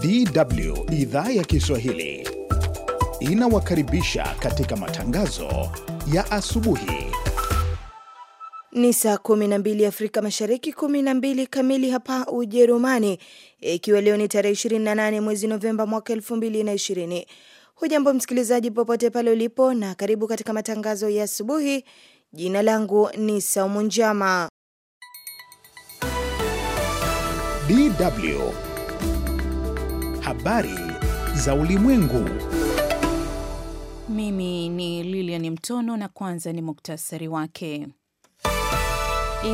DW idhaa ya Kiswahili inawakaribisha katika matangazo ya asubuhi. Ni saa 12 Afrika Mashariki, 12 kamili hapa Ujerumani, ikiwa leo ni tarehe 28 mwezi Novemba mwaka 2020. Hujambo msikilizaji, popote pale ulipo, na karibu katika matangazo ya asubuhi. Jina langu ni Saumu Njama. DW Habari za Ulimwengu. Mimi ni Lilian Mtono na kwanza ni muktasari wake.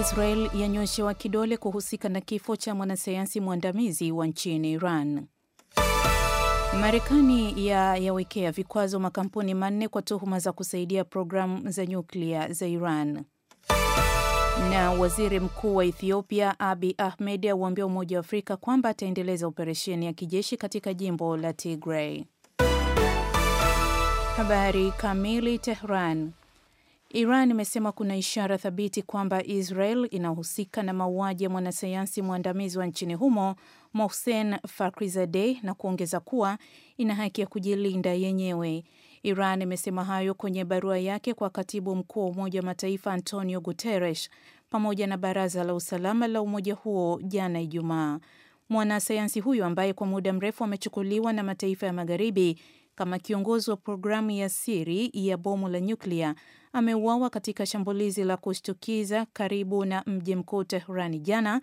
Israel yanyoshewa kidole kuhusika na kifo cha mwanasayansi mwandamizi wa nchini Iran. Marekani ya yawekea vikwazo makampuni manne kwa tuhuma za kusaidia programu za nyuklia za Iran. Na waziri mkuu wa Ethiopia Abi Ahmed auambia Umoja wa Afrika kwamba ataendeleza operesheni ya kijeshi katika jimbo la Tigray. Habari kamili. Tehran. Iran imesema kuna ishara thabiti kwamba Israel inahusika na mauaji ya mwanasayansi mwandamizi wa nchini humo Mohsen Fakhrizadeh na kuongeza kuwa ina haki ya kujilinda yenyewe. Iran imesema hayo kwenye barua yake kwa katibu mkuu wa Umoja wa Mataifa Antonio Guterres pamoja na Baraza la Usalama la umoja huo jana Ijumaa. Mwanasayansi huyo ambaye kwa muda mrefu amechukuliwa na mataifa ya Magharibi kama kiongozi wa programu ya siri ya bomu la nyuklia ameuawa katika shambulizi la kushtukiza karibu na mji mkuu Tehrani jana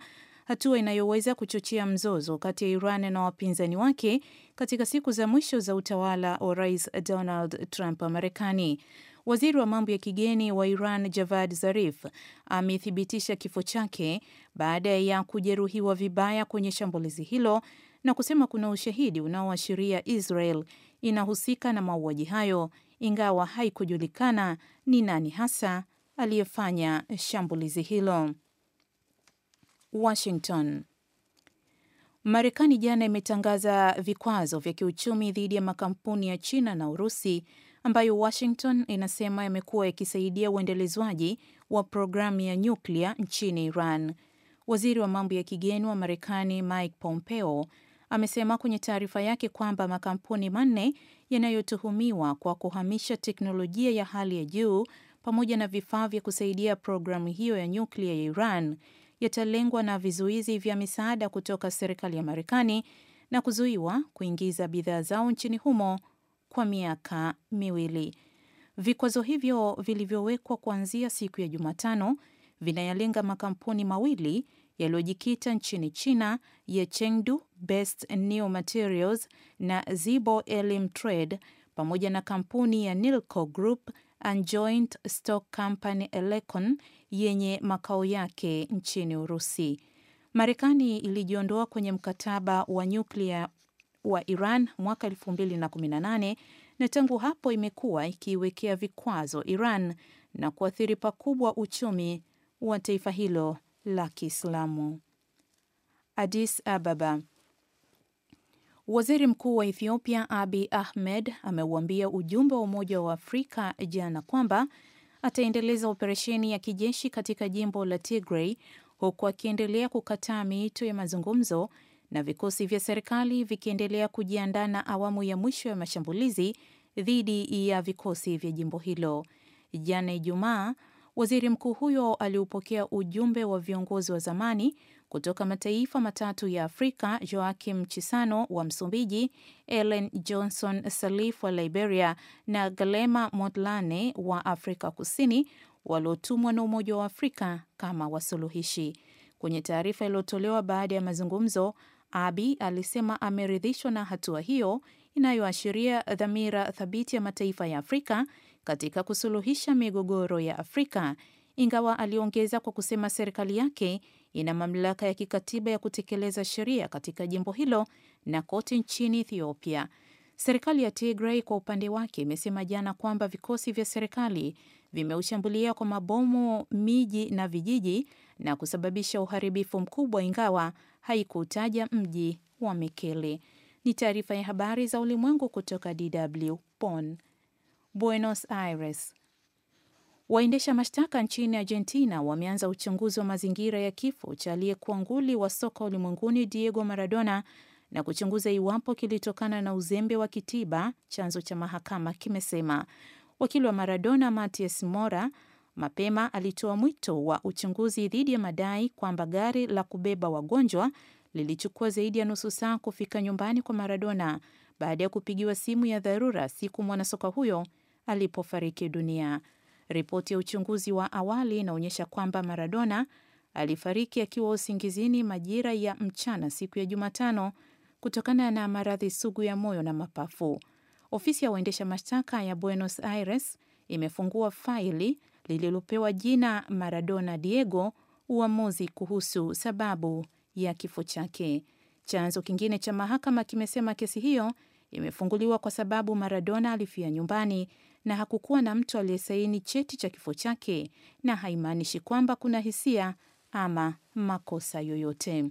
hatua inayoweza kuchochea mzozo kati ya Iran na wapinzani wake katika siku za mwisho za utawala wa Rais Donald Trump wa Marekani. Waziri wa mambo ya kigeni wa Iran Javad Zarif amethibitisha kifo chake baada ya kujeruhiwa vibaya kwenye shambulizi hilo na kusema kuna ushahidi unaoashiria Israel inahusika na mauaji hayo, ingawa haikujulikana ni nani hasa aliyefanya shambulizi hilo. Washington. Marekani jana imetangaza vikwazo vya kiuchumi dhidi ya makampuni ya China na Urusi ambayo Washington inasema yamekuwa yakisaidia uendelezwaji wa programu ya nyuklia nchini Iran. Waziri wa mambo ya kigeni wa Marekani Mike Pompeo amesema kwenye taarifa yake kwamba makampuni manne yanayotuhumiwa kwa kuhamisha teknolojia ya hali ya juu pamoja na vifaa vya kusaidia programu hiyo ya nyuklia ya Iran yatalengwa na vizuizi vya misaada kutoka serikali ya Marekani na kuzuiwa kuingiza bidhaa zao nchini humo kwa miaka miwili. Vikwazo hivyo vilivyowekwa kuanzia siku ya Jumatano vinayalenga makampuni mawili yaliyojikita nchini China ya Chengdu Best New Materials na Zibo Elim Trade pamoja na kampuni ya Nilco Group and Joint Stock Company Elecon yenye makao yake nchini Urusi. Marekani ilijiondoa kwenye mkataba wa nyuklia wa Iran mwaka 2018 na tangu hapo imekuwa ikiwekea vikwazo Iran na kuathiri pakubwa uchumi wa taifa hilo la Kiislamu. Addis Ababa. Waziri Mkuu wa Ethiopia Abiy Ahmed ameuambia ujumbe wa Umoja wa Afrika jana kwamba ataendeleza operesheni ya kijeshi katika jimbo la Tigray huku akiendelea kukataa miito ya mazungumzo na vikosi vya serikali vikiendelea kujiandaa na awamu ya mwisho ya mashambulizi dhidi ya vikosi vya jimbo hilo. Jana Ijumaa, waziri mkuu huyo aliupokea ujumbe wa viongozi wa zamani kutoka mataifa matatu ya Afrika, joakim chisano wa Msumbiji, Ellen Johnson Sirleaf wa Liberia na Galema Motlane wa Afrika Kusini, waliotumwa na Umoja wa Afrika kama wasuluhishi. Kwenye taarifa iliyotolewa baada ya mazungumzo, Abi alisema ameridhishwa na hatua hiyo inayoashiria dhamira thabiti ya mataifa ya Afrika katika kusuluhisha migogoro ya Afrika, ingawa aliongeza kwa kusema serikali yake ina mamlaka ya kikatiba ya kutekeleza sheria katika jimbo hilo na kote nchini Ethiopia. Serikali ya Tigray kwa upande wake imesema jana kwamba vikosi vya serikali vimeushambulia kwa mabomu miji na vijiji na kusababisha uharibifu mkubwa, ingawa haikutaja mji wa Mekele. Ni taarifa ya habari za ulimwengu kutoka DW Bonn. Buenos Aires. Waendesha mashtaka nchini Argentina wameanza uchunguzi wa mazingira ya kifo cha aliyekuwa nguli wa soka ulimwenguni Diego Maradona na kuchunguza iwapo kilitokana na uzembe wa kitiba, chanzo cha mahakama kimesema. Wakili wa Maradona Matias Mora mapema alitoa mwito wa uchunguzi dhidi ya madai kwamba gari la kubeba wagonjwa lilichukua zaidi ya nusu saa kufika nyumbani kwa Maradona baada ya kupigiwa simu ya dharura siku mwanasoka huyo alipofariki dunia. Ripoti ya uchunguzi wa awali inaonyesha kwamba Maradona alifariki akiwa usingizini majira ya mchana siku ya Jumatano kutokana na maradhi sugu ya moyo na mapafu. Ofisi ya waendesha mashtaka ya Buenos Aires imefungua faili lililopewa jina Maradona Diego, uamuzi kuhusu sababu ya kifo chake. Chanzo kingine cha mahakama kimesema kesi hiyo imefunguliwa kwa sababu Maradona alifia nyumbani na hakukuwa na mtu aliyesaini cheti cha kifo chake, na haimaanishi kwamba kuna hisia ama makosa yoyote.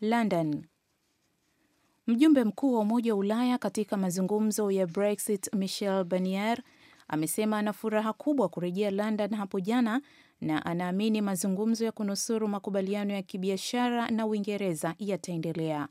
London. Mjumbe mkuu wa Umoja wa Ulaya katika mazungumzo ya Brexit Michel Barnier amesema ana furaha kubwa kurejea London hapo jana na anaamini mazungumzo ya kunusuru makubaliano ya kibiashara na Uingereza yataendelea.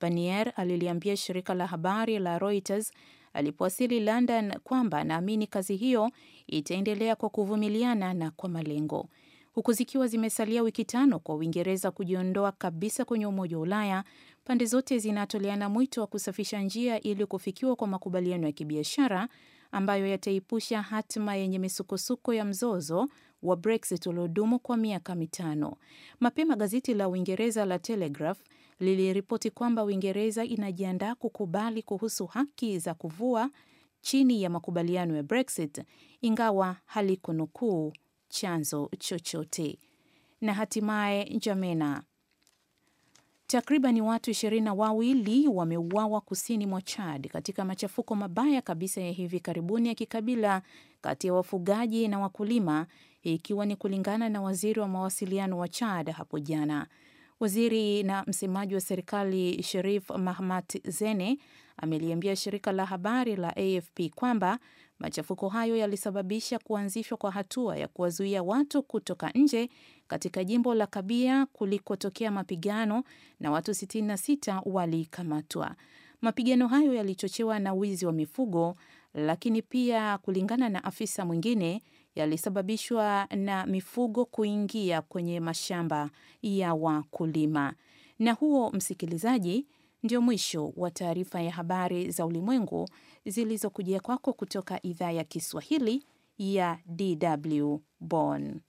Barnier aliliambia shirika la habari la Reuters alipowasili London kwamba anaamini kazi hiyo itaendelea kwa kuvumiliana na kwa malengo. Huku zikiwa zimesalia wiki tano kwa Uingereza kujiondoa kabisa kwenye Umoja wa Ulaya, pande zote zinatoleana mwito wa kusafisha njia ili kufikiwa kwa makubaliano ya kibiashara ambayo yataipusha hatima yenye misukosuko ya mzozo wa Brexit uliodumu kwa miaka mitano. Mapema gazeti la Uingereza la Telegraph liliripoti kwamba Uingereza inajiandaa kukubali kuhusu haki za kuvua chini ya makubaliano ya Brexit, ingawa halikunukuu chanzo chochote. Na hatimaye jamena Takriban watu ishirini na wawili wameuawa kusini mwa Chad katika machafuko mabaya kabisa ya hivi karibuni ya kikabila kati ya wafugaji na wakulima, ikiwa ni kulingana na waziri wa mawasiliano wa Chad hapo jana. Waziri na msemaji wa serikali Sherif Mahmat Zene ameliambia shirika la habari la AFP kwamba machafuko hayo yalisababisha kuanzishwa kwa hatua ya kuwazuia watu kutoka nje katika jimbo la Kabia kulikotokea mapigano na watu 66 walikamatwa. Mapigano hayo yalichochewa na wizi wa mifugo, lakini pia kulingana na afisa mwingine yalisababishwa na mifugo kuingia kwenye mashamba ya wakulima. Na huo, msikilizaji, ndio mwisho wa taarifa ya habari za ulimwengu zilizokujia kwako kutoka idhaa ya Kiswahili ya DW Bonn.